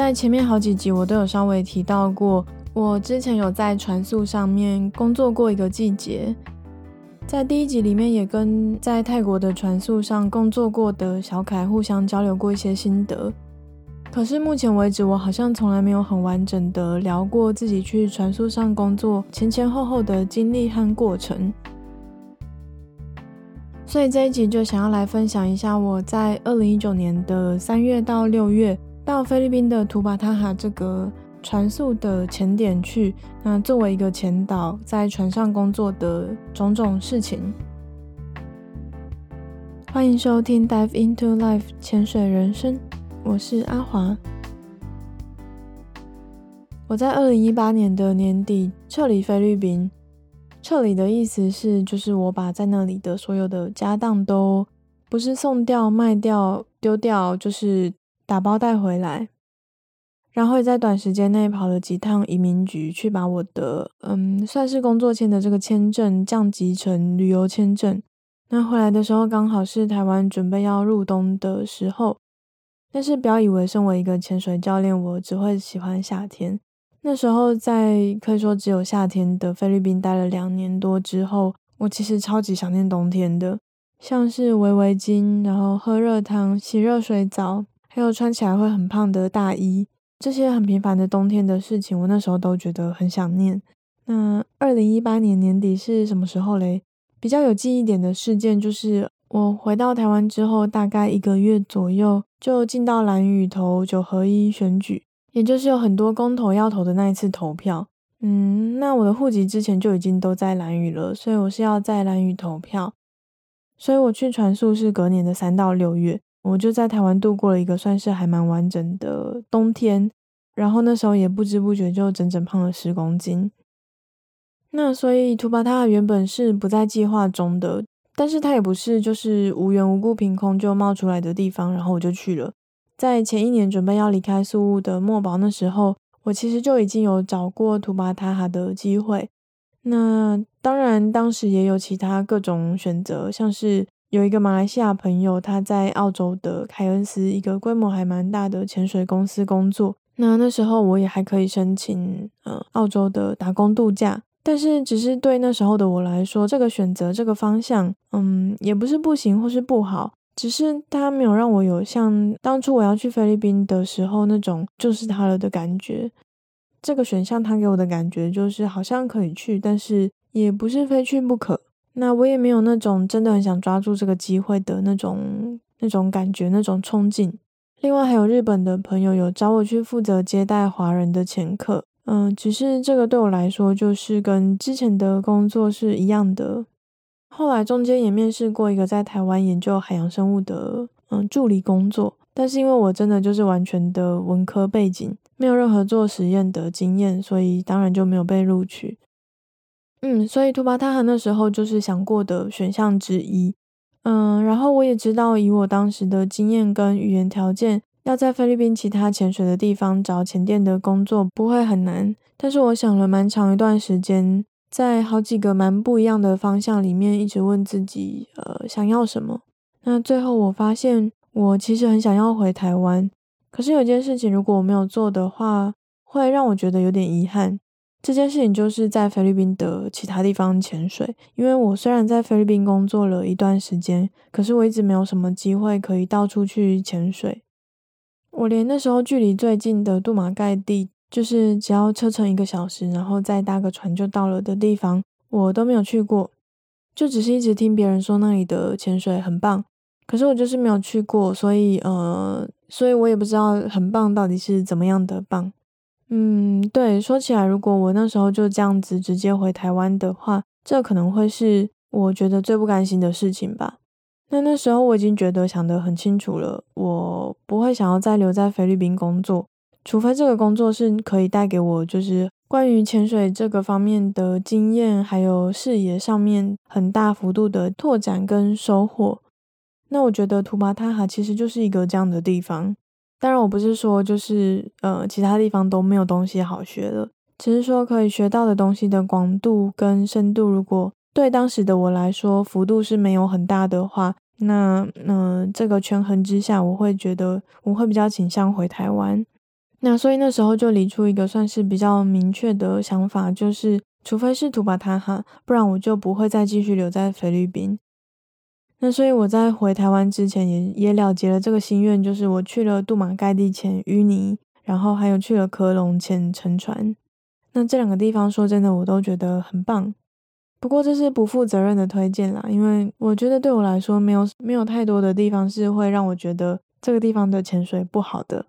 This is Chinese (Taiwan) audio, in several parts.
在前面好幾集我都有稍微提到過，我之前有在船宿上面工作過一個季節，在第一集裡面也跟在泰國的船宿上工作過的小凱互相交流過一些心得。可是目前為止，我好像從來沒有很完整的聊過自己去船宿上工作前前後後的經歷和過程，所以這一集就想要來分享一下我在二零一九年的三月到六月，到菲律賓的圖巴塔哈這個船宿的潛點去，那作為一個潛導在船上工作的種種事情。歡迎收聽《Dive into Life》潛水人生，我是阿華。我在二零一八年的年底撤離菲律賓，撤離的意思是，就是我把在那裡的所有的家當都不是送掉、賣掉、丟掉，就是。打包帶回來，然後也在短時間內跑了幾趟移民局，去把我的嗯，算是工作簽的這個簽證降級成旅遊簽證。那回來的時候剛好是台灣準備要入冬的時候，但是不要以為身為一個潛水教練，我只會喜歡夏天。那時候在可以說只有夏天的菲律賓待了兩年多之後，我其實超級想念冬天的，像是圍圍巾，然後喝熱湯，洗熱水澡。還有穿起來會很胖的大衣，這些很平凡的冬天的事情，我那時候都覺得很想念。那二零一八年年底是什麼時候嘞？比較有記憶點的事件就是我回到台灣之後，大概一個月左右就進到蘭嶼投九合一選舉，也就是有很多公投要投的那一次投票。嗯，那我的戶籍之前就已經都在蘭嶼了，所以我是要在蘭嶼投票，所以我去船宿是隔年的三到六月。我就在台灣度過了一個算是還蠻完整的冬天，然後那時候也不知不覺就整整胖了十公斤。那所以圖巴塔哈原本是不在計劃中的，但是它也不是就是無緣無故憑空就冒出來的地方，然後我就去了。在前一年準備要離開宿霧的墨寶那時候，我其實就已經有找過圖巴塔哈的機會。那當然當時也有其他各種選擇，像是。有一個馬來西亞朋友，他在澳洲的凱恩斯一個規模還蠻大的潛水公司工作。那那時候我也還可以申請，嗯、呃，澳洲的打工度假。但是，只是對那時候的我來說，這個選擇這個方向，嗯，也不是不行或是不好，只是他沒有讓我有像當初我要去菲律賓的時候那種就是他了的感覺。這個選項，他給我的感覺就是好像可以去，但是也不是非去不可。那我也沒有那種真的很想抓住這個機會的那種、那種感覺、那種衝勁。另外，還有日本的朋友有找我去負責接待華人的前客，嗯、呃，只是這個對我來說就是跟之前的工作是一樣的。後來中間也面試過一個在台灣研究海洋生物的嗯、呃、助理工作，但是因為我真的就是完全的文科背景，沒有任何做實驗的經驗，所以當然就沒有被錄取。嗯，所以圖巴塔哈那時候就是想過的選項之一。嗯、呃，然後我也知道，以我當時的經驗跟語言條件，要在菲律賓其他潛水的地方找潛店的工作不會很難。但是我想了蠻長一段時間，在好幾個蠻不一樣的方向裡面，一直問自己，呃，想要什麼？那最後我發現，我其實很想要回台灣。可是有件事情，如果我沒有做的話，會讓我覺得有點遺憾。這件事情就是在菲律賓的其他地方潛水，因為我雖然在菲律賓工作了一段時間，可是我一直沒有什麼機會可以到處去潛水。我連那時候距離最近的杜馬蓋地，就是只要車程一個小時，然後再搭個船就到了的地方，我都沒有去過，就只是一直聽別人說那裡的潛水很棒，可是我就是沒有去過，所以呃，所以我也不知道很棒到底是怎麼樣的棒。嗯，對，說起來，如果我那時候就這樣子直接回台灣的話，這可能會是我覺得最不甘心的事情吧。那那時候我已經覺得想得很清楚了，我不會想要再留在菲律賓工作，除非這個工作是可以帶給我就是關於潛水這個方面的經驗，還有視野上面很大幅度的拓展跟收穫。那我覺得圖巴塔哈其實就是一個這樣的地方。當然，我不是說就是呃，其他地方都沒有東西好學了，只是說可以學到的東西的廣度跟深度，如果對當時的我來說幅度是沒有很大的話，那嗯、呃，這個權衡之下，我會覺得我會比較傾向回台灣。那所以那時候就理出一個算是比較明確的想法，就是除非是 Tubbataha，不然我就不會再繼續留在菲律賓。那所以我在回台灣之前也也了結了這個心願，就是我去了杜馬蓋地潛淤泥，然後還有去了科隆潛沉船。那這兩個地方說真的我都覺得很棒，不過這是不負責任的推薦啦，因為我覺得對我來說沒有沒有太多的地方是會讓我覺得這個地方的潛水不好的。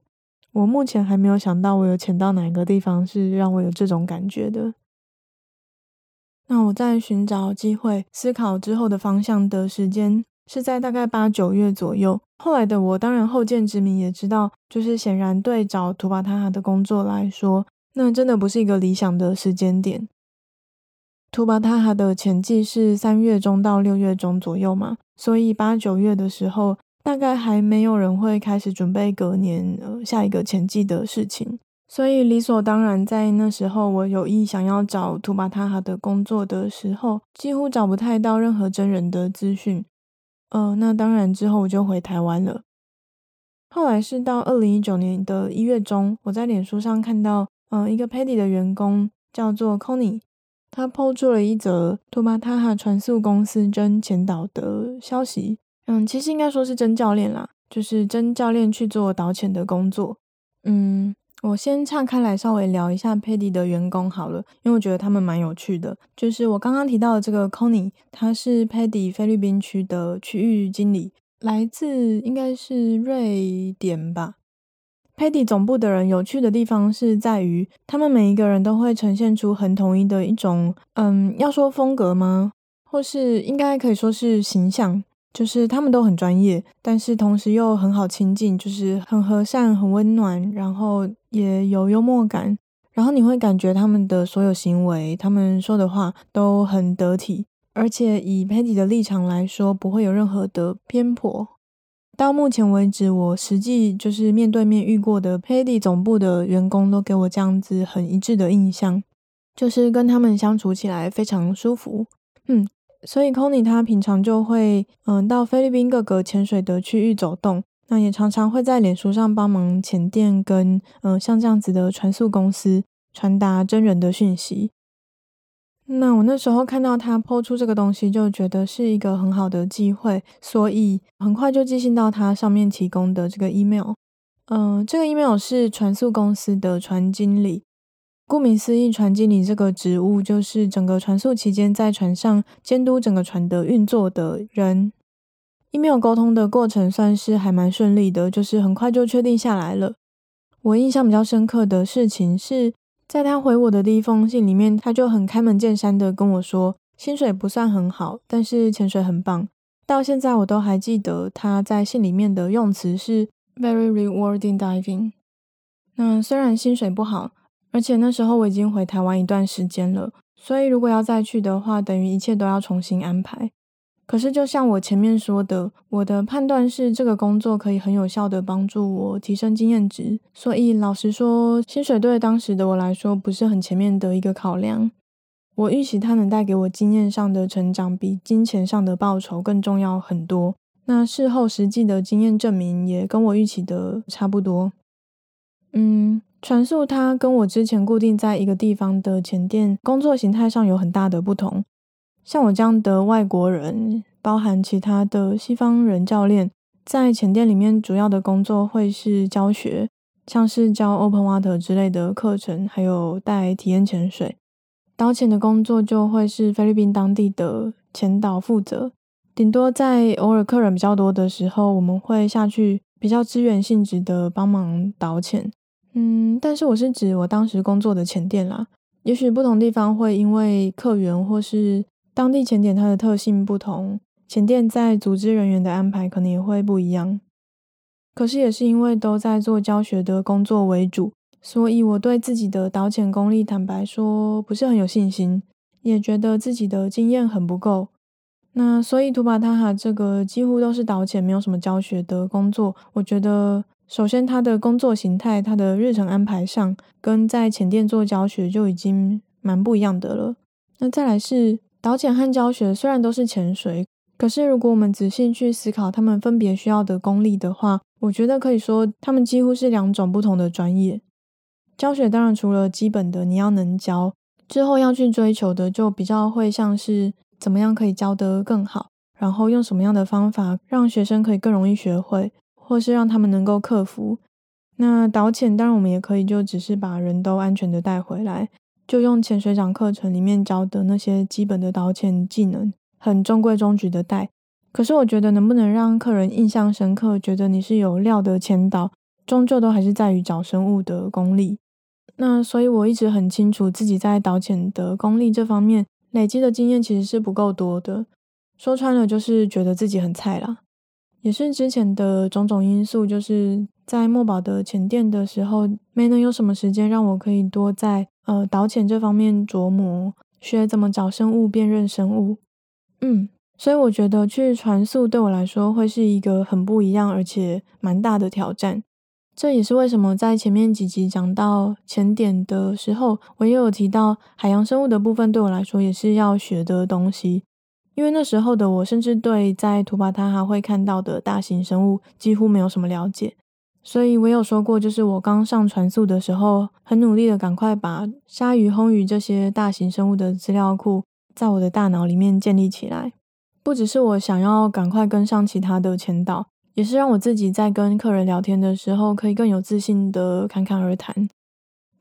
我目前還沒有想到我有潛到哪個地方是讓我有這種感覺的。那我在尋找機會、思考之後的方向的時間是在大概八九月左右。後來的我當然後見之明也知道，就是顯然對找圖巴塔哈的工作來說，那真的不是一個理想的時間點。圖巴塔哈的潛季是三月中到六月中左右嘛，所以八九月的時候，大概還沒有人會開始準備隔年呃下一個潛季的事情。所以理所當然，在那時候，我有意想要找圖巴塔哈的工作的時候，幾乎找不太到任何真人的資訊。嗯、呃，那當然之後我就回台灣了。後來是到二零一九年的一月中，我在臉書上看到，嗯、呃，一個 PADI 的員工叫做 Conny，他 po 出了一則圖巴塔哈船宿公司徵潛導的消息。嗯，其實應該說是徵教練啦，就是徵教練去做導潛的工作。嗯。我先岔開來稍微聊一下 PADI 的員工好了，因為我覺得他們蠻有趣的。就是我剛剛提到的這個 Conny，他是 PADI 菲律賓區的區域經理，來自應該是瑞典吧。PADI 總部的人有趣的地方是在於，他們每一個人都會呈現出很統一的一種，嗯，要說風格嗎，或是應該可以說是形象。就是他們都很專業，但是同時又很好親近，就是很和善、很溫暖，然後也有幽默感。然後你會感覺他們的所有行為、他們說的話都很得體，而且以 PADI 的立場來說，不會有任何的偏頗。到目前為止，我實際就是面對面遇過的 PADI 總部的員工，都給我這樣子很一致的印象，就是跟他們相處起來非常舒服。嗯。所以，Kony 他平常就會，嗯、呃，到菲律賓各個潛水的區域走動，那也常常會在臉書上幫忙潛店，跟，嗯、呃，像這樣子的船宿公司傳達徵人的訊息。那我那時候看到他拋出這個東西，就覺得是一個很好的機會，所以很快就寄信到他上面提供的這個 email。嗯、呃，這個 email 是船宿公司的船經理。顧名思義，船經理這個職務就是整個船宿期間在船上監督整個船的運作的人。Email 溝通的過程算是還蠻順利的，就是很快就確定下來了。我印象比較深刻的事情是在他回我的第一封信裡面，他就很開門見山的跟我說，薪水不算很好，但是潛水很棒。到現在我都還記得他在信裡面的用詞是 very rewarding diving。那雖然薪水不好。而且那時候我已經回台灣一段時間了，所以如果要再去的話，等於一切都要重新安排。可是就像我前面說的，我的判斷是這個工作可以很有效地幫助我提升經驗值，所以老實說，薪水對當時的我來說不是很前面的一個考量。我預期它能帶給我經驗上的成長，比金錢上的報酬更重要很多。那事後實際的經驗證明也跟我預期的差不多。嗯。船宿它跟我之前固定在一個地方的潛店工作形態上有很大的不同。像我這樣的外國人，包含其他的西方人教練，在潛店裡面主要的工作會是教學，像是教 open water 之類的課程，還有帶體驗潛水。導潛的工作就會是菲律賓當地的潛導負責，頂多在偶爾客人比較多的時候，我們會下去比較支援性質的幫忙導潛。嗯，但是我是指我當時工作的潛店啦。也許不同地方會因為客源或是當地潛店它的特性不同，潛店在組織人員的安排可能也會不一樣。可是也是因為都在做教學的工作為主，所以我對自己的導潛功力坦白說不是很有信心，也覺得自己的經驗很不夠。那所以圖巴塔哈這個幾乎都是導潛，沒有什麼教學的工作，我覺得。首先，他的工作形態、他的日程安排上，跟在潛店做教學就已經蠻不一樣的了。那再來是導潛和教學，雖然都是潛水，可是如果我們仔細去思考他們分別需要的功力的話，我覺得可以說他們幾乎是兩種不同的專業。教學當然除了基本的你要能教，之後要去追求的就比較會像是怎麼樣可以教得更好，然後用什麼樣的方法讓學生可以更容易學會。或是讓他們能夠克服。那導潛當然，我們也可以就只是把人都安全的帶回來，就用潛水長課程裡面教的那些基本的導潛技能，很中規中矩的帶。可是我覺得能不能讓客人印象深刻，覺得你是有料的潛導，終究都還是在於找生物的功力。那所以我一直很清楚自己在導潛的功力這方面累積的經驗其實是不夠多的，說穿了就是覺得自己很菜啦。也是之前的種種因素，就是在墨寶的潛店的時候，沒能有什麼時間讓我可以多在呃導潛這方面琢磨，學怎麼找生物、辨認生物。嗯，所以我覺得去船宿對我來說會是一個很不一樣，而且蠻大的挑戰。這也是為什麼在前面幾集講到潛點的時候，我也有提到海洋生物的部分，對我來說也是要學的東西。因為那時候的我，甚至對在圖巴塔哈會看到的大型生物幾乎沒有什麼了解，所以我有說過，就是我剛上船宿的時候，很努力的趕快把鯊魚、魟魚這些大型生物的資料庫在我的大腦裡面建立起來。不只是我想要趕快跟上其他的前導，也是讓我自己在跟客人聊天的時候可以更有自信的侃侃而談。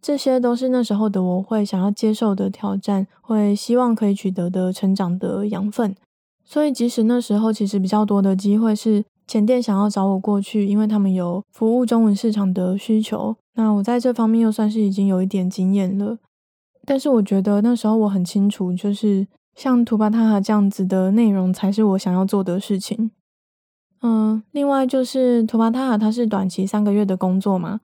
這些都是那時候的我會想要接受的挑戰，會希望可以取得的成長的養分。所以，即使那時候其實比較多的機會是潛店想要找我過去，因為他們有服務中文市場的需求。那我在這方面又算是已經有一點經驗了。但是，我覺得那時候我很清楚，就是像圖巴塔哈這樣子的內容才是我想要做的事情。嗯，另外就是圖巴塔哈，它是短期三個月的工作嘛。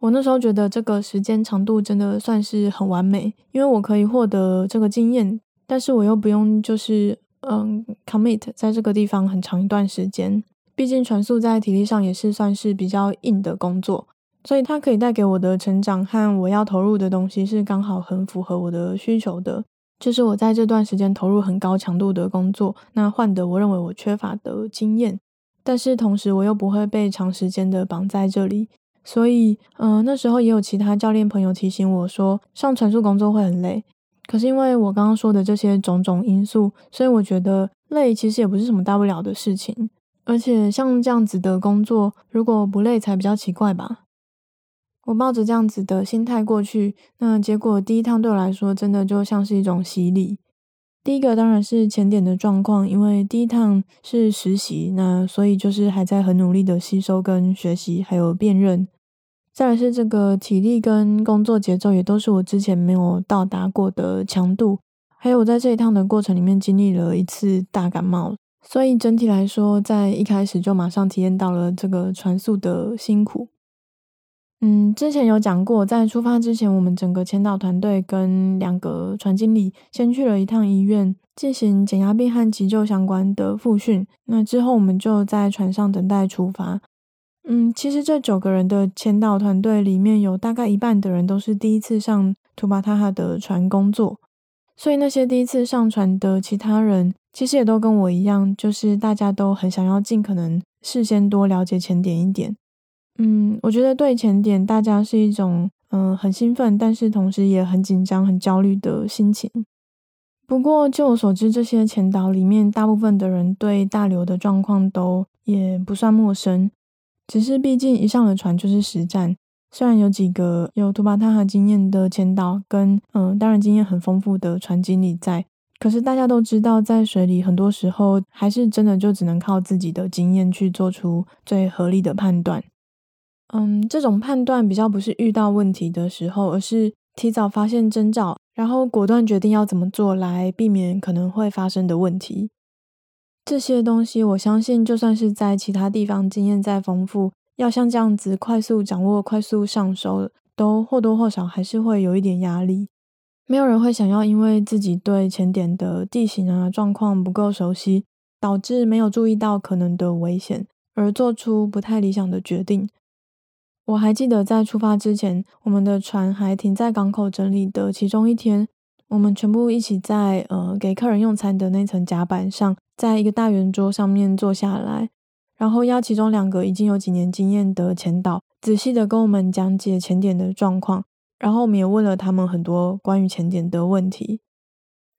我那時候覺得這個時間長度真的算是很完美，因為我可以獲得這個經驗，但是我又不用就是嗯 commit 在這個地方很長一段時間。畢竟船宿在體力上也是算是比較硬的工作，所以它可以帶給我的成長和我要投入的東西是剛好很符合我的需求的。就是我在這段時間投入很高強度的工作，那換得我認為我缺乏的經驗，但是同時我又不會被長時間的綁在這裡。所以，嗯、呃，那時候也有其他教練朋友提醒我說，上船宿工作會很累。可是因為我剛剛說的這些種種因素，所以我覺得累其實也不是什麼大不了的事情。而且像這樣子的工作，如果不累才比較奇怪吧。我抱着這樣子的心態過去，那結果第一趟對我來說，真的就像是一種洗禮。第一個當然是潛點的狀況，因為第一趟是實習，那所以就是還在很努力的吸收跟學習，還有辨認。再來是這個體力跟工作節奏，也都是我之前沒有到達過的強度。還有我在這一趟的過程裡面經歷了一次大感冒，所以整體來說，在一開始就馬上體驗到了這個船宿的辛苦。嗯，之前有講過，在出發之前，我們整個潛導團隊跟兩個船經理先去了一趟醫院，進行減壓病和急救相關的複訓。那之後，我們就在船上等待出發。嗯，其實這九個人的潛導團隊裡面有大概一半的人都是第一次上圖巴塔哈的船工作，所以那些第一次上船的其他人，其實也都跟我一樣，就是大家都很想要盡可能事先多了解前點一點。嗯，我覺得對潛點大家是一種嗯、呃、很興奮，但是同時也很緊張、很焦慮的心情。不過就我所知，這些潛導裡面大部分的人對大流的狀況都也不算陌生。只是畢竟一上了船就是實戰，雖然有幾個有圖巴塔哈經驗的潛導跟嗯、呃、當然經驗很豐富的船經理在，可是大家都知道，在水裡很多時候還是真的就只能靠自己的經驗去做出最合理的判斷。嗯，這種判斷比較不是遇到問題的時候，而是提早發現徵兆，然後果斷決定要怎麼做來避免可能會發生的問題。這些東西，我相信就算是在其他地方經驗再豐富，要像這樣子快速掌握、快速上手，都或多或少還是會有一點壓力。沒有人會想要因為自己對潛點的地形啊、狀況不夠熟悉，導致沒有注意到可能的危險，而做出不太理想的決定。我還記得在出發之前，我們的船還停在港口整理的其中一天，我們全部一起在呃給客人用餐的那層甲板上，在一個大圓桌上面坐下來，然後邀其中兩個已經有幾年經驗的潛導，仔細的跟我們講解潛點的狀況，然後我們也問了他們很多關於潛點的問題。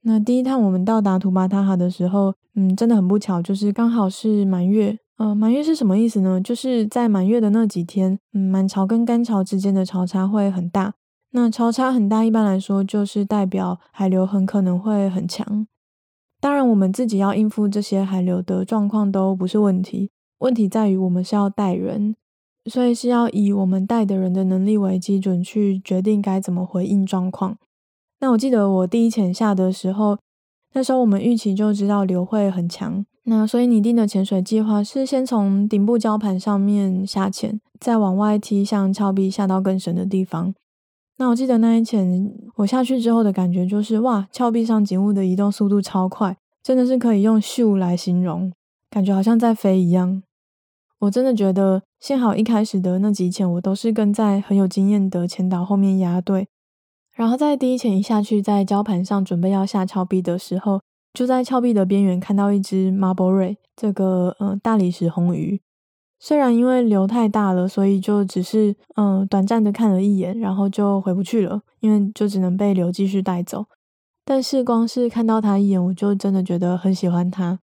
那第一趟我們到達圖巴塔哈的時候，嗯，真的很不巧，就是剛好是滿月。呃，滿月是什麼意思呢？就是在滿月的那幾天，嗯，滿潮跟乾潮之間的潮差會很大。那潮差很大，一般來說就是代表海流很可能會很強。當然，我們自己要應付這些海流的狀況都不是問題，問題在於我們是要帶人，所以是要以我們帶的人的能力為基準去決定該怎麼回應狀況。那我記得我第一潛下的時候，那時候我們預期就知道流會很強。那所以擬定的潛水計劃是先從頂部礁盤上面下潛，再往外踢向峭壁，下到更深的地方。那我記得那一潛，我下去之後的感覺就是哇，峭壁上景物的移動速度超快，真的是可以用“咻”來形容，感覺好像在飛一樣。我真的覺得幸好一開始的那幾潛，我都是跟在很有經驗的潛導後面壓隊，然後在第一潛一下去在礁盤上準備要下峭壁的時候，就在峭壁的邊緣看到一隻 Marble Ray，這個嗯、呃、大理石魟魚，雖然因為流太大了，所以就只是嗯、呃、短暫的看了一眼，然後就回不去了，因為就只能被流繼續帶走。但是光是看到它一眼，我就真的覺得很喜歡它，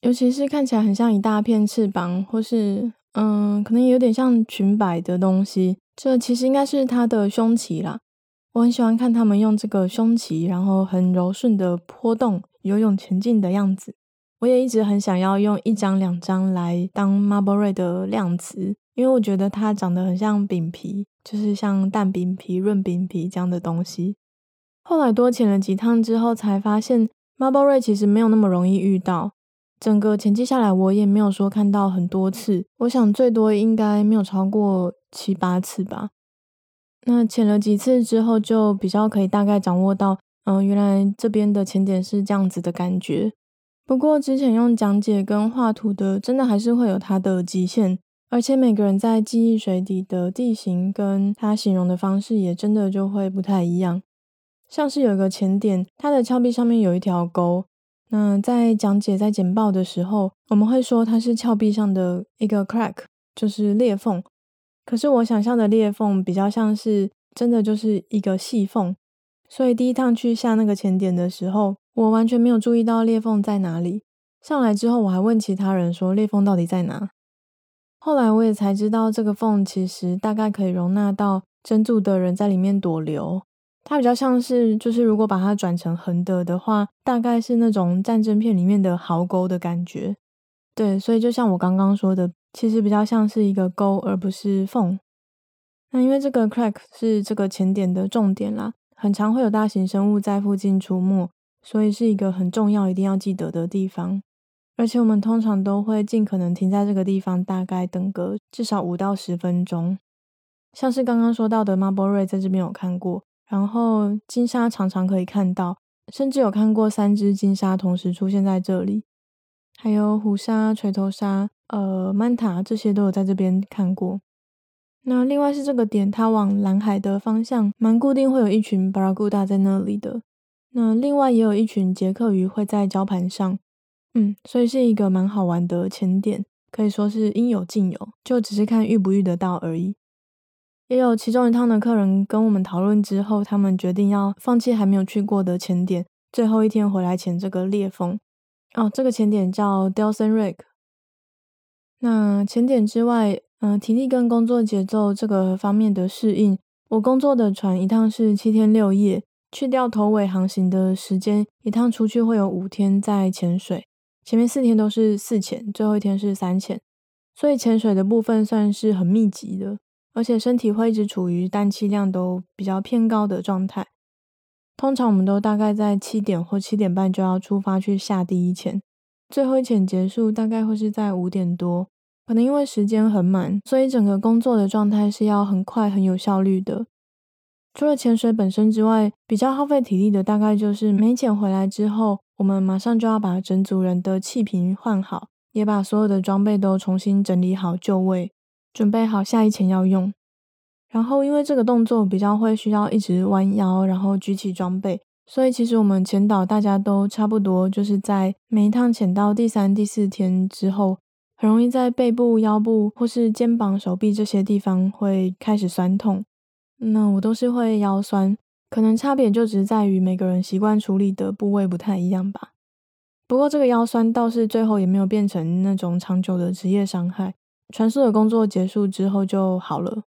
尤其是看起來很像一大片翅膀，或是嗯、呃、可能有點像裙擺的東西，這其實應該是它的胸鰭啦。我很喜歡看他們用這個胸鰭，然後很柔順的波動。游泳前進的樣子，我也一直很想要用一張兩張來當 Marble Ray 的量詞，因為我覺得它長得很像餅皮，就是像蛋餅皮、潤餅皮這樣的東西。後來多潛了幾趟之後，才發現 Marble Ray 其實沒有那麼容易遇到。整個潛季下來，我也沒有說看到很多次，我想最多應該沒有超過七八次吧。那潛了幾次之後，就比較可以大概掌握到，嗯、呃，原來這邊的潛點是這樣子的感覺。不過之前用講解跟畫圖的，真的還是會有它的極限。而且每個人在記憶水底的地形跟它形容的方式，也真的就會不太一樣。像是有一個潛點，它的峭壁上面有一條溝。那在講解在簡報的時候，我們會說它是峭壁上的一個 crack，就是裂縫。可是我想象的裂縫比較像是真的就是一個細縫。所以第一趟去下那個潛點的時候，我完全沒有注意到裂縫在哪裡。上來之後，我還問其他人說裂縫到底在哪？後來我也才知道，這個縫其實大概可以容納到真住的人在裡面躲流。它比較像是，就是如果把它轉成橫的的話，大概是那種戰爭片裡面的壕溝的感覺。對，所以就像我剛剛說的，其實比較像是一個溝，而不是縫。那因為這個 crack 是這個潛點的重點啦。很常會有大型生物在附近出沒，所以是一個很重要、一定要記得的地方。而且我們通常都會盡可能停在這個地方，大概等個至少五到十分鐘。像是剛剛說到的 Marble Ray，在這邊有看過；然後鯨鯊常常可以看到，甚至有看過三隻鯨鯊同時出現在這裡。還有虎鯊、錘頭鯊、呃，曼塔這些都有在這邊看過。那另外是這個點，它往藍海的方向，蠻固定會有一群巴拉古達在那裡的。那另外也有一群傑克魚會在礁盤上，嗯，所以是一個蠻好玩的潛點，可以說是應有盡有，就只是看遇不遇得到而已。也有其中一趟的客人跟我們討論之後，他們決定要放棄還沒有去過的潛點，最後一天回來潛這個裂縫。哦，這個潛點叫 Delsan Wreck。那潛點之外。嗯、呃，體力跟工作節奏這個方面的適應。我工作的船一趟是七天六夜，去掉頭尾航行的時間，一趟出去會有五天在潛水，前面四天都是四潛，最後一天是三潛，所以潛水的部分算是很密集的，而且身體會一直處於氮氣量都比較偏高的狀態。通常我們都大概在七點或七點半就要出發去下第一潛，最後一潛結束大概會是在五點多。可能因為時間很滿，所以整個工作的狀態是要很快、很有效率的。除了潛水本身之外，比較耗費體力的大概就是每潛回來之後，我們馬上就要把整組人的氣瓶換好，也把所有的裝備都重新整理好就位，準備好下一潛要用。然後因為這個動作比較會需要一直彎腰，然後舉起裝備，所以其實我們潛導大家都差不多，就是在每一趟潛到第三、第四天之後。很容易在背部、腰部或是肩膀、手臂這些地方會開始痠痛，那我都是會腰痠，可能差別就只是在於每個人習慣處理的部位不太一樣吧。不過這個腰痠倒是最後也沒有變成那種長久的職業傷害，船宿的工作結束之後就好了。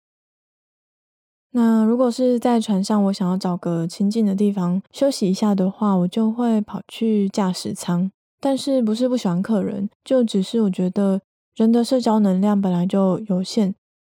那如果是在船上，我想要找個清靜的地方休息一下的話，我就會跑去駕駛艙。但是不是不喜歡客人，就只是我覺得人的社交能量本來就有限。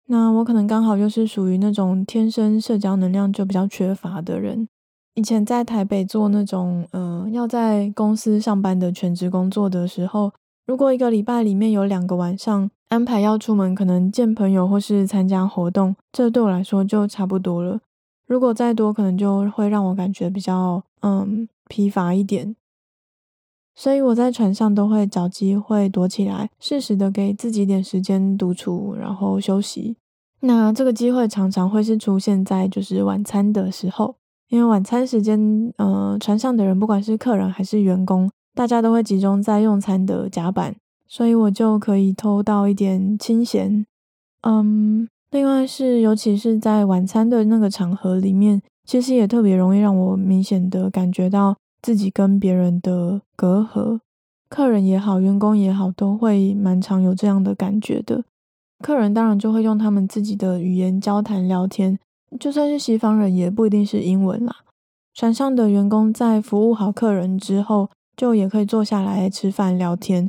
那我可能剛好又是屬於那種天生社交能量就比較缺乏的人。以前在台北做那種嗯、呃、要在公司上班的全職工作的時候，如果一個禮拜裡面有兩個晚上安排要出門，可能見朋友或是參加活動，這對我來說就差不多了。如果再多，可能就會讓我感覺比較嗯疲乏一點。所以我在船上都會找機會躲起來，適時的給自己點時間獨處，然後休息。那這個機會常常會是出現在就是晚餐的時候，因為晚餐時間，呃，船上的人不管是客人還是員工，大家都會集中在用餐的甲板，所以我就可以偷到一點清閒。嗯，另外是，尤其是在晚餐的那個場合裡面，其實也特別容易讓我明顯的感覺到。自己跟別人的隔閡，客人也好，員工也好，都會蠻常有這樣的感覺的。客人當然就會用他們自己的語言交談聊天，就算是西方人也不一定是英文啦。船上的員工在服務好客人之後，就也可以坐下來吃飯聊天。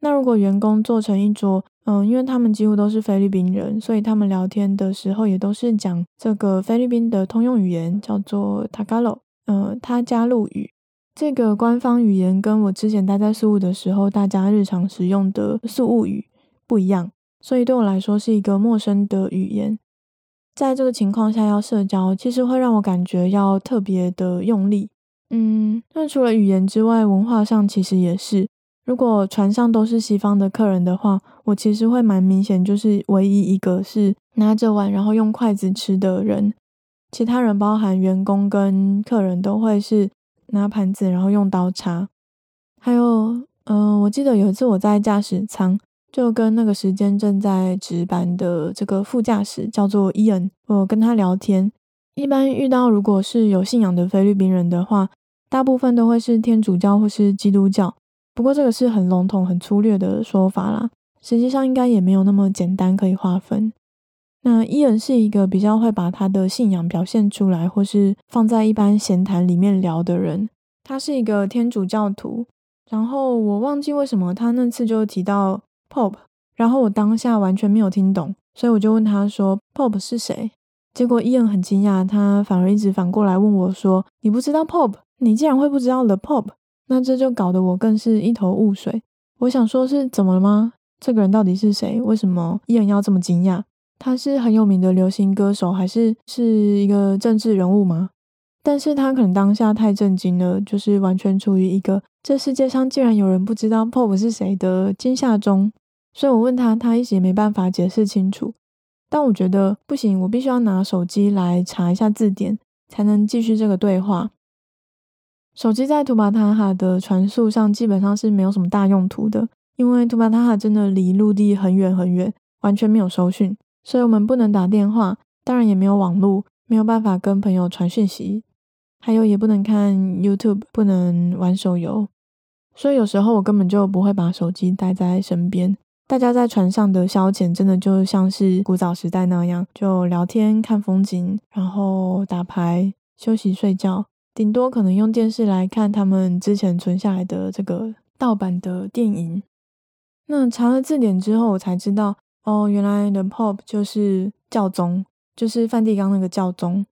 那如果員工坐成一桌，嗯、呃，因為他們幾乎都是菲律賓人，所以他們聊天的時候也都是講這個菲律賓的通用語言，叫做 Tagalog，呃，他加祿語。這個官方語言跟我之前待在宿務的時候，大家日常使用的宿務語不一樣，所以對我來說是一個陌生的語言。在這個情況下要社交，其實會讓我感覺要特別的用力。嗯，那除了語言之外，文化上其實也是。如果船上都是西方的客人的話，我其實會蠻明顯，就是唯一一個是拿着碗然後用筷子吃的人，其他人包含員工跟客人都會是。拿盤子，然後用刀叉。還有，嗯、呃，我記得有一次我在駕駛艙，就跟那個時間正在值班的這個副駕駛叫做 Ian，我跟他聊天。一般遇到如果是有信仰的菲律賓人的話，大部分都會是天主教或是基督教。不過這個是很籠統、很粗略的說法啦，實際上應該也沒有那麼簡單可以劃分。那伊恩是一個比較會把他的信仰表現出來，或是放在一般閒談裡面聊的人。他是一個天主教徒，然後我忘記為什麼他那次就提到 Pope，然後我當下完全沒有聽懂，所以我就問他說 Pope 是誰？結果伊恩很驚訝，他反而一直反過來問我說你不知道 Pope？你竟然會不知道 The Pope？那這就搞得我更是一頭霧水。我想說是怎麼了嗎？這個人到底是誰？為什麼伊恩要這麼驚訝？他是很有名的流行歌手，還是是一個政治人物嗎？但是他可能當下太震驚了，就是完全處於一個這世界上竟然有人不知道 Pope 是誰的驚嚇中。所以我問他，他一直也沒辦法解釋清楚。但我覺得不行，我必須要拿手機來查一下字典，才能繼續這個對話。手機在圖巴塔哈的船宿上基本上是沒有什麼大用途的，因為圖巴塔哈真的離陸地很遠很遠，完全沒有收訊。所以我們不能打電話，當然也沒有網絡，沒有辦法跟朋友傳訊息，還有也不能看 YouTube，不能玩手遊。所以有時候我根本就不會把手機帶在身邊。大家在船上的消遣，真的就像是古早時代那樣，就聊天、看風景，然後打牌、休息、睡覺，頂多可能用電視來看他們之前存下來的這個盜版的電影。那查了字典之後，我才知道。哦，原來 the Pope 就是教宗，就是梵蒂岡那個教宗。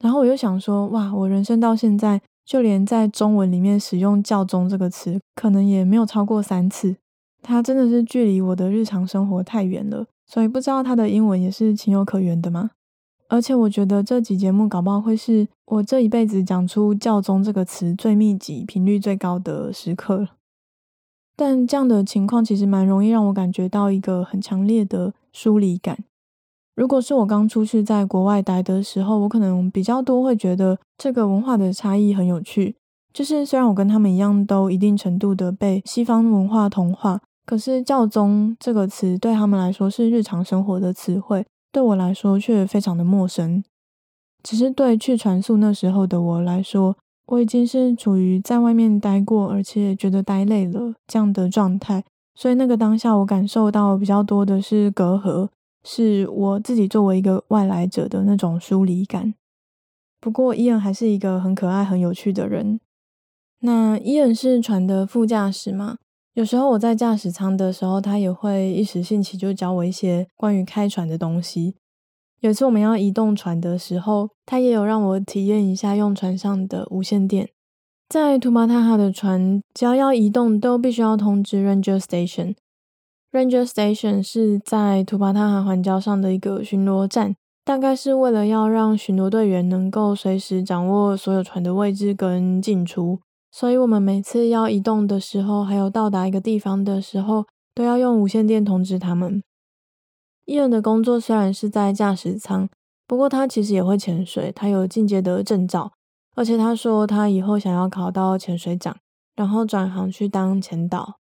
然後我又想說，哇，我人生到現在，就連在中文裡面使用“教宗”這個詞，可能也沒有超過三次。它真的是距離我的日常生活太遠了，所以不知道它的英文也是情有可原的嘛。而且我覺得這集節目搞不好會是我這一輩子講出“教宗”這個詞最密集、頻率最高的時刻。但這樣的情況其實蠻容易讓我感覺到一個很強烈的疏離感。如果是我剛出去在國外待的時候，我可能比較多會覺得這個文化的差異很有趣。就是雖然我跟他們一樣都一定程度的被西方文化同化，可是教宗這個詞對他們來說是日常生活的詞彙，對我來說卻非常的陌生。只是對去船宿那時候的我來說。我已經是處於在外面待過，而且覺得待累了這樣的狀態，所以那個當下我感受到比較多的是隔閡，是我自己作為一個外來者的那種疏離感。不過 Ian 還是一個很可愛、很有趣的人。那 Ian 是船的副駕駛嘛？有時候我在駕駛艙的時候，他也會一時興起就教我一些關於開船的東西。有一次我們要移動船的時候，他也有讓我體驗一下用船上的無線電。在圖巴塔哈的船，只要要移動都必須要通知 Ranger Station。Ranger Station 是在圖巴塔哈環礁上的一個巡邏站，大概是為了要讓巡邏隊員能夠隨時掌握所有船的位置跟進出，所以我們每次要移動的時候，還有到達一個地方的時候，都要用無線電通知他們。伊恩，的工作雖然是在駕駛艙，不過他其實也會潛水，他有進階的證照，而且他說他以後想要考到潛水長，然後轉行去當潛導。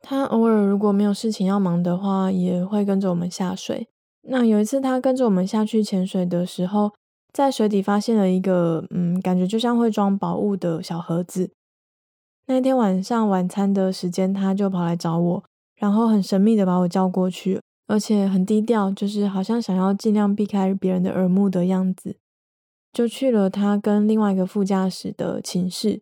他偶爾如果沒有事情要忙的話，也會跟着我們下水。那有一次他跟着我們下去潛水的時候，在水底發現了一個，嗯，感覺就像會裝寶物的小盒子。那天晚上晚餐的時間，他就跑來找我，然後很神秘的把我叫過去。而且很低調，就是好像想要盡量避開別人的耳目的樣子，就去了他跟另外一個副駕駛的寢室。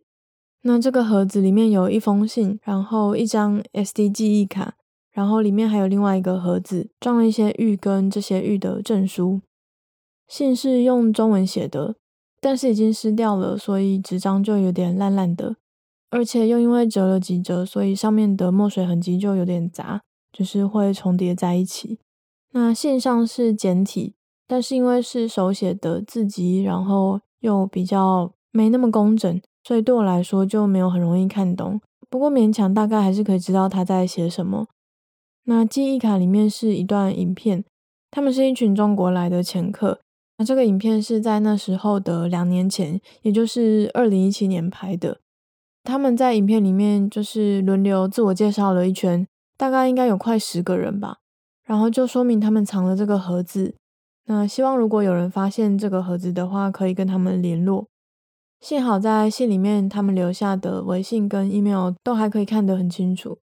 那這個盒子裡面有一封信，然後一張 SD 記憶卡，然後裡面還有另外一個盒子，裝了一些玉跟這些玉的證書。信是用中文寫的，但是已經濕掉了，所以紙張就有點爛爛的，而且又因為折了幾折，所以上面的墨水痕跡就有點雜。就是會重疊在一起。那信上是簡體，但是因為是手寫的字跡，然後又比較沒那麼工整，所以對我來說就沒有很容易看懂。不過勉強大概還是可以知道他在寫什麼。那記憶卡裡面是一段影片，他們是一群中國來的潛客。那這個影片是在那時候的兩年前，也就是二零一七年拍的。他們在影片裡面就是輪流自我介紹了一圈。大概應該有快十個人吧，然後就說明他們藏了這個盒子。那希望如果有人發現這個盒子的話，可以跟他們聯絡。幸好在信裡面，他們留下的微信跟 email 都還可以看得很清楚。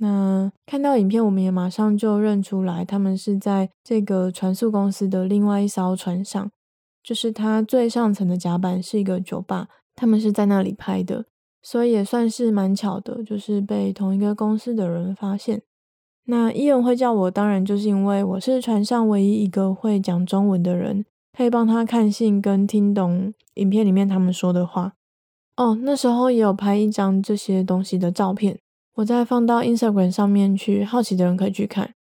那看到影片，我們也馬上就認出來，他們是在這個船宿公司的另外一艘船上，就是它最上層的甲板是一個酒吧，他們是在那裡拍的。所以也算是蠻巧的，就是被同一個公司的人發現。那伊恩會叫我，當然就是因為我是船上唯一一個會講中文的人，可以幫他看信跟聽懂影片裡面他們說的話。哦，那時候也有拍一張這些東西的照片，我再放到 Instagram 上面去，好奇的人可以去看。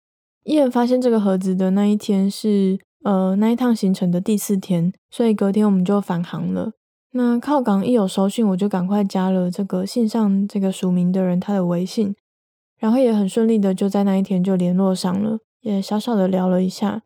伊恩發現這個盒子的那一天是呃那一趟行程的第四天，所以隔天我們就返航了。那靠港一有收訊，我就趕快加了這個信上這個署名的人他的微信，然後也很順利的就在那一天就聯絡上了，也小小的聊了一下。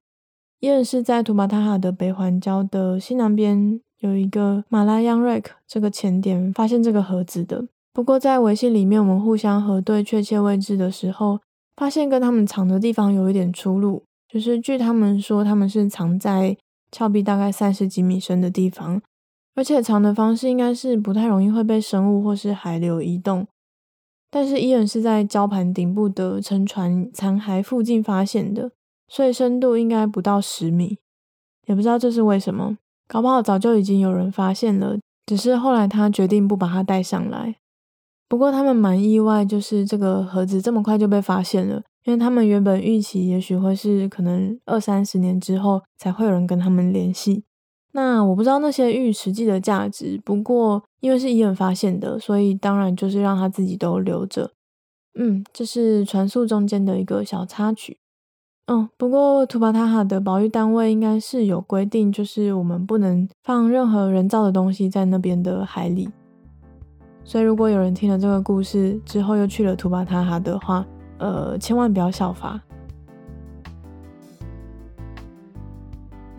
Ian 是在圖巴塔哈的北環礁的西南邊有一個馬拉央瑞克這個潛點發現這個盒子的。不過在微信裡面我們互相核對確切位置的時候，發現跟他們藏的地方有一點出入，就是據他們說他們是藏在峭壁大概三十幾米深的地方。而且藏的方式應該是不太容易會被生物或是海流移動，但是 Ian 是在礁盤頂部的沉船殘骸附近發現的，所以深度應該不到十米，也不知道這是為什麼，搞不好早就已經有人發現了，只是後來他決定不把它帶上來。不過他們蠻意外，就是這個盒子這麼快就被發現了，因為他們原本預期也許會是可能二三十年之後才會有人跟他們聯繫。那我不知道那些玉實際的價值，不過因為是 Ian 發現的，所以當然就是讓他自己都留着。嗯，這是船宿中間的一個小插曲。嗯、哦，不過圖巴塔哈的保育單位應該是有規定，就是我們不能放任何人造的東西在那邊的海裡。所以如果有人聽了這個故事之後又去了圖巴塔哈的話，呃，千萬不要效法。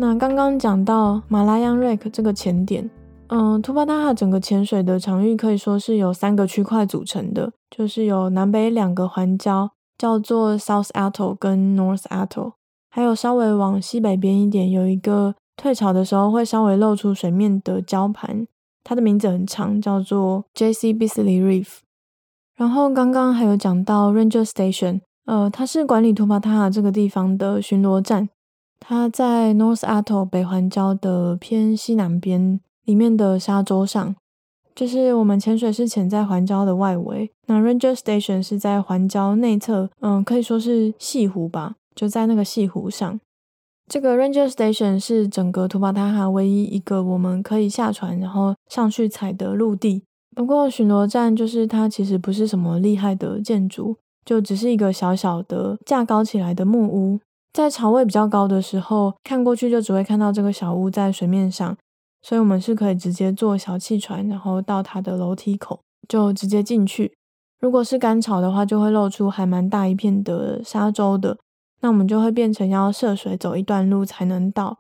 那剛剛講到馬拉央瑞克這個潛點，嗯、呃，圖巴塔哈整個潛水的場域可以說是由三個區塊組成的，就是有南北兩個環礁，叫做 South Atoll 跟 North Atoll，還有稍微往西北邊一點，有一個退潮的時候會稍微露出水面的礁盤，它的名字很長，叫做 J C Bisley Reef。然後剛剛還有講到 Ranger Station，呃，它是管理圖巴塔哈這個地方的巡邏站。它在 North Atoll 北環礁的偏西南邊，裡面的沙洲上，就是我們潛水是潛在環礁的外圍。那 Ranger Station 是在環礁內側，嗯，可以說是舄湖吧，就在那個舄湖上。這個 Ranger Station 是整個圖巴塔哈唯一一個我們可以下船然後上去踩的陸地。不過巡邏站就是它，其實不是什麼厲害的建築，就只是一個小小的架高起來的木屋。在潮位比較高的時候，看過去就只會看到這個小屋在水面上，所以我們是可以直接坐小汽船，然後到它的樓梯口就直接進去。如果是乾潮的話，就會露出還蠻大一片的沙洲的，那我們就會變成要涉水走一段路才能到。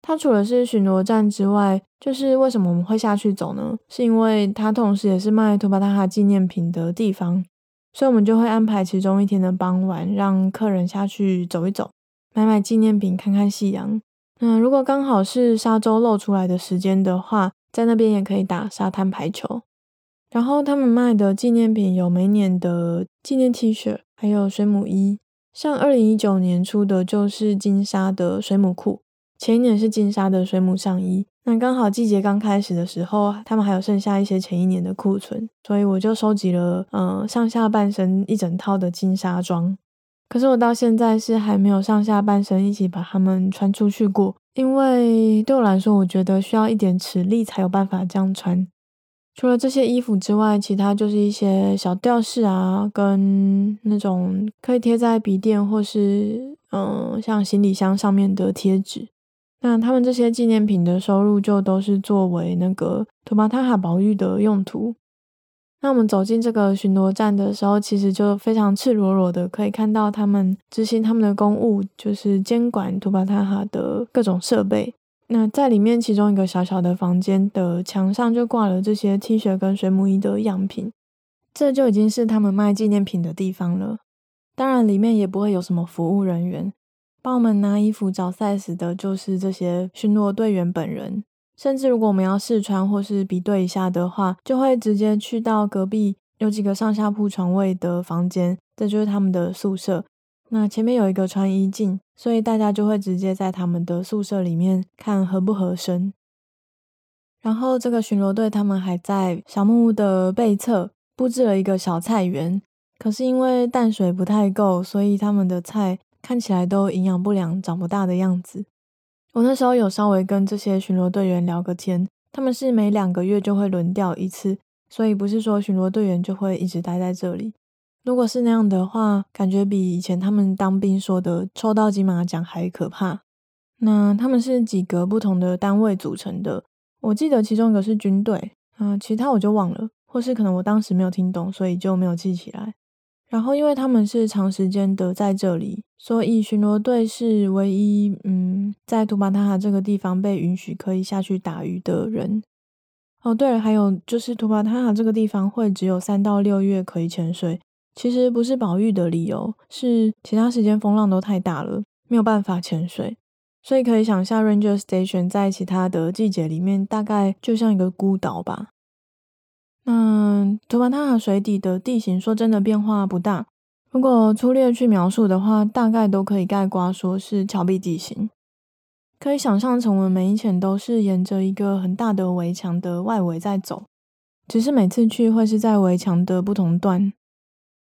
它除了是巡邏站之外，就是為什麼我們會下去走呢？是因為它同時也是賣圖巴塔哈紀念品的地方，所以我們就會安排其中一天的傍晚，讓客人下去走一走。買買紀念品，看看夕陽。嗯，如果剛好是沙洲露出來的時間的話，在那邊也可以打沙灘排球。然後他們賣的紀念品有每年的紀念 T 恤，還有水母衣。像二零一九年出的就是金沙的水母褲，前一年是金沙的水母上衣。那剛好季節剛開始的時候，他們還有剩下一些前一年的庫存，所以我就收集了，嗯、呃，上下半身一整套的金沙裝。可是我到現在是還沒有上下半身一起把它們穿出去過，因為對我來說，我覺得需要一點磁力，才有辦法這樣穿。除了這些衣服之外，其他就是一些小吊飾啊，跟那種可以貼在筆電或是嗯、呃、像行李箱上面的貼紙。那他們這些紀念品的收入就都是作為那個圖巴塔哈保育的用途。那我們走進這個巡邏站的時候，其實就非常赤裸裸的可以看到他們執行他們的公務，就是監管圖巴塔哈的各種設備。那在裡面，其中一個小小的房間的牆上就掛了這些 T 恤跟水母衣的樣品，這就已經是他們賣紀念品的地方了。當然，裡面也不會有什麼服務人員，幫我們拿衣服找 size 的就是這些巡邏隊員本人。甚至如果我們要試穿或是比對一下的話，就會直接去到隔壁有幾個上下鋪床位的房間，這就是他們的宿舍。那前面有一個穿衣鏡，所以大家就會直接在他們的宿舍裡面看合不合身。然後這個巡邏隊他們還在小木屋的背側布置了一個小菜園，可是因為淡水不太夠，所以他們的菜看起來都營養不良，長不大的樣子。我那時候有稍微跟這些巡邏隊員聊個天，他們是每兩個月就會輪調一次，所以不是說巡邏隊員就會一直待在這裡。如果是那樣的話，感覺比以前他們當兵說的抽到金馬獎還可怕。那他們是幾個不同的單位組成的，我記得其中一個是軍隊，嗯、呃，其他我就忘了，或是可能我當時沒有聽懂，所以就沒有記起來。然後，因為他們是長時間的在這裡，所以巡邏隊是唯一嗯，在圖巴塔哈這個地方被允許可以下去打魚的人。哦，對了，還有就是圖巴塔哈這個地方會只有三到六月可以潛水，其實不是保育的理由，是其他時間風浪都太大了，沒有辦法潛水。所以可以想一下，Ranger Station 在其他的季節裡面，大概就像一個孤島吧。嗯，圖巴塔哈水底的地形，說真的變化不大。如果粗略去描述的話，大概都可以概括說是峭壁地形。可以想象成我們每一潛都是沿着一個很大的圍牆的外圍在走，只是每次去會是在圍牆的不同段。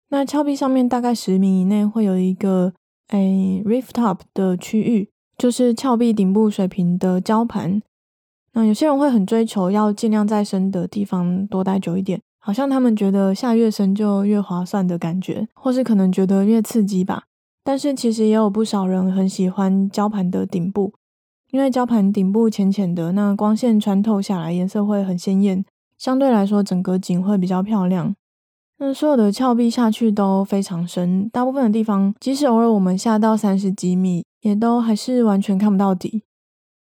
那峭壁上面大概十米以內會有一個，a rift top 的區域，就是峭壁頂部水平的礁盤。那有些人會很追求要盡量在深的地方多待久一點，好像他們覺得下越深就越划算的感覺，或是可能覺得越刺激吧。但是其實也有不少人很喜歡礁盤的頂部，因為礁盤頂部淺淺的，那光線穿透下來，顏色會很鮮豔，相對來說整個景會比較漂亮。那所有的峭壁下去都非常深，大部分的地方，即使偶爾我們下到三十幾米，也都還是完全看不到底。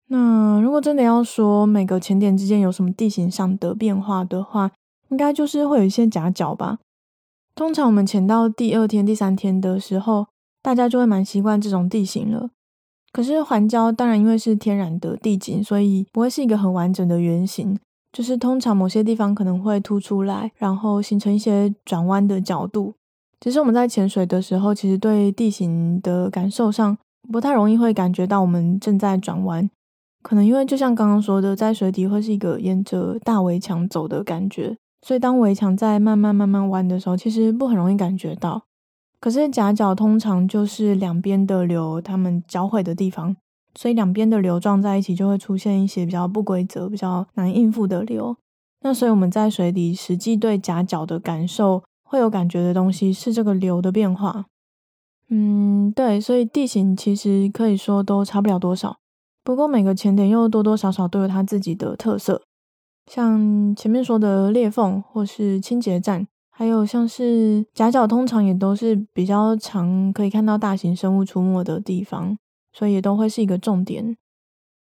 那如果真的要說每個潛點之間有什麼地形上的變化的話，應該就是會有一些夾角吧。通常我們潛到第二天、第三天的時候，大家就會蠻習慣這種地形了。可是環礁當然因為是天然的地景，所以不會是一個很完整的圓形，就是通常某些地方可能會凸出來，然後形成一些轉彎的角度。其實我們在潛水的時候，其實對地形的感受上不太容易會感覺到我們正在轉彎。可能因為就像剛剛說的，在水底會是一個沿着大圍牆走的感覺，所以當圍牆在慢慢慢慢彎的時候，其實不很容易感覺到。可是夾角通常就是兩邊的流它們交匯的地方，所以兩邊的流撞在一起就會出現一些比較不規則、比較難應付的流。那所以我們在水底實際對夾角的感受會有感覺的東西是這個流的變化。嗯，對，所以地形其實可以說都差不了多少。不過每個潛點又多多少少都有它自己的特色，像前面說的裂縫或是清潔站，還有像是夾角，通常也都是比較常可以看到大型生物出沒的地方，所以也都會是一個重點。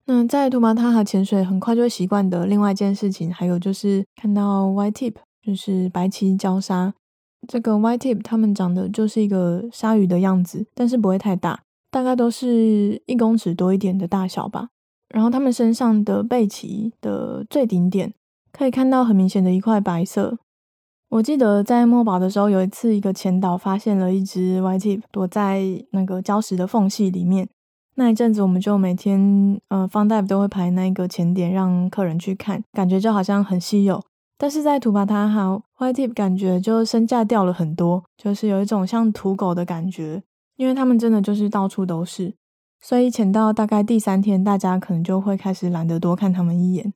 那在圖巴塔哈潛水很快就會習慣的另外一件事情，還有就是看到 white tip，就是白鰭礁鯊。這個 white tip 它們長得就是一個鯊魚的樣子，但是不會太大。大概都是一公尺多一點的大小吧，然後它們身上的背鰭的最頂點可以看到很明顯的一塊白色。我記得在墨寶的時候，有一次一個潛導发現了一只 White Tip 躲在那個礁石的縫隙裡面，那一陣子我們就每天呃 Fun Dive 都會排那個潛點讓客人去看，感覺就好像很稀有。但是在圖巴塔哈，White Tip 感覺就身價掉了很多，就是有一種像土狗的感覺。因為他們真的就是到處都是，所以潛到大概第三天，大家可能就會開始懶得多看他們一眼。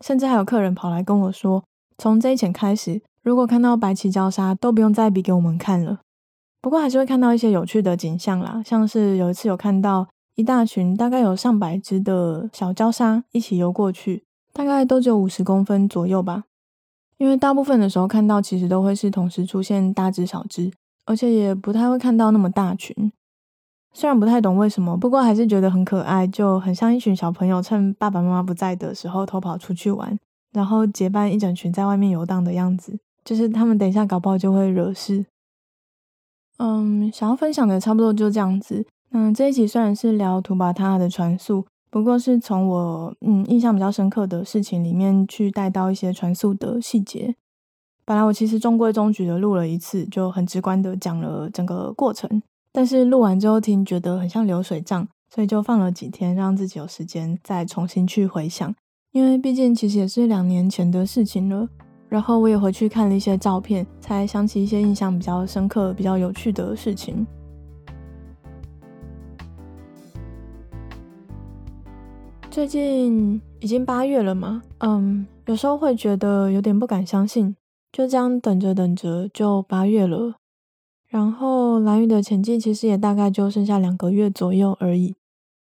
甚至還有客人跑來跟我說：“從這一潛開始，如果看到白鰭礁鯊，都不用再比給我們看了。”不過還是會看到一些有趣的景象啦，像是有一次有看到一大群，大概有上百隻的小礁鯊一起游過去，大概都只有五十公分左右吧。因為大部分的時候看到其實都會是同時出現大隻小隻。而且也不太會看到那麼大群，雖然不太懂為什麼，不過還是覺得很可愛，就很像一群小朋友趁爸爸媽媽不在的時候偷跑出去玩，然後結伴一整群在外面遊蕩的樣子。就是他們等一下搞不好就會惹事。嗯，想要分享的差不多就這樣子。那、嗯、這一集雖然是聊圖巴塔哈的船宿，不過是從我嗯印象比較深刻的事情裡面去帶到一些船宿的細節。本來我其實中規中矩的錄了一次，就很直觀的講了整個過程。但是錄完之後聽，覺得很像流水賬，所以就放了幾天，讓自己有時間再重新去回想。因為畢竟其實也是兩年前的事情了。然後我也回去看了一些照片，才想起一些印象比較深刻、比較有趣的事情。最近已經八月了嘛，嗯，有時候會覺得有點不敢相信。就這樣等着等着，就八月了。然後蘭嶼的潛季其實也大概就剩下兩個月左右而已。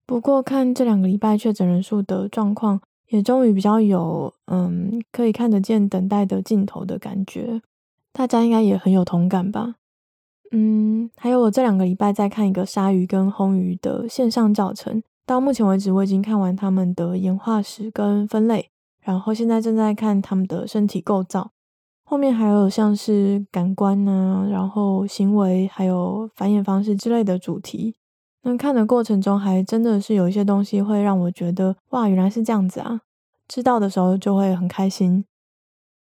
不過看這兩個禮拜確診人數的狀況，也終於比較有嗯，可以看得見等待的盡頭的感覺。大家應該也很有同感吧？嗯，還有我這兩個禮拜在看一個鯊魚跟魟魚的線上教程。到目前為止，我已經看完他們的演化史跟分類，然後現在正在看他們的身體構造。後面還有像是感官吶、啊，然後行為，還有繁衍方式之類的主題。那看的過程中，還真的是有一些東西會讓我覺得哇，原來是這樣子啊！知道的時候就會很開心。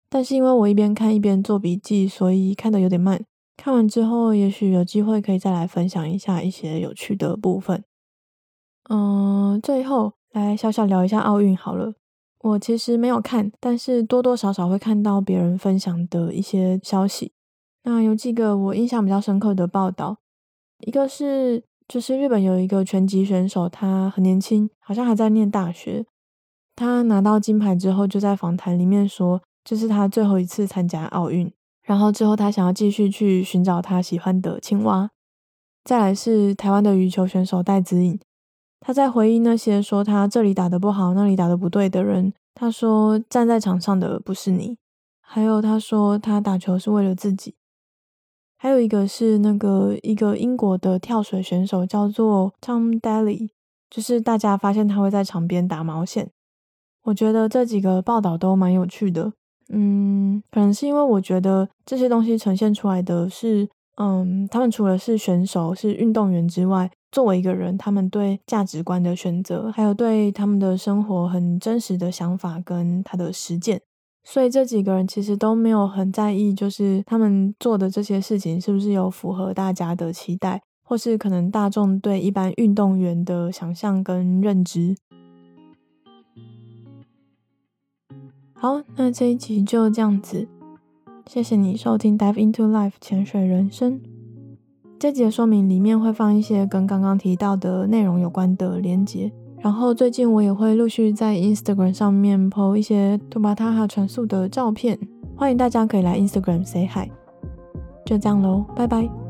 但是因為我一邊看一邊做筆記，所以看得有點慢。看完之後，也許有機會可以再來分享一下一些有趣的部分。嗯、呃，最後來小小聊一下奧運好了。我其實沒有看，但是多多少少會看到別人分享的一些消息。那有幾個我印象比較深刻的報道，一個是就是日本有一個拳擊選手，他很年輕，好像還在念大學。他拿到金牌之後，就在訪談裡面說這、就是他最後一次參加奧運，然後之後他想要繼續去尋找他喜歡的青蛙。再來是台灣的羽球選手戴資穎。他在回憶那些說他這裡打得不好、那裡打得不對的人。他說：“站在場上的不是你。”還有他說：“他打球是為了自己。”還有一個是那個一個英國的跳水選手叫做 Tom Daley，就是大家發現他會在場邊打毛線。我覺得這幾個報道都蠻有趣的。嗯，可能是因為我覺得這些東西呈現出來的是，嗯，他們除了是選手、是運動員之外。作為一個人，他們對價值觀的選擇，還有對他們的生活很真實的想法跟他的實踐，所以這幾個人其實都沒有很在意，就是他們做的這些事情是不是有符合大家的期待，或是可能大眾對一般運動員的想象跟認知。好，那這一集就這樣子，謝謝你收聽《Dive Into Life》潛水人生。這集的說明裡面會放一些跟剛剛提到的內容有關的鏈接，然後最近我也會陸續在 Instagram 上面 po 一些 Tubbataha 船宿的照片，歡迎大家可以來 Instagram say hi。就這樣嘍，拜拜。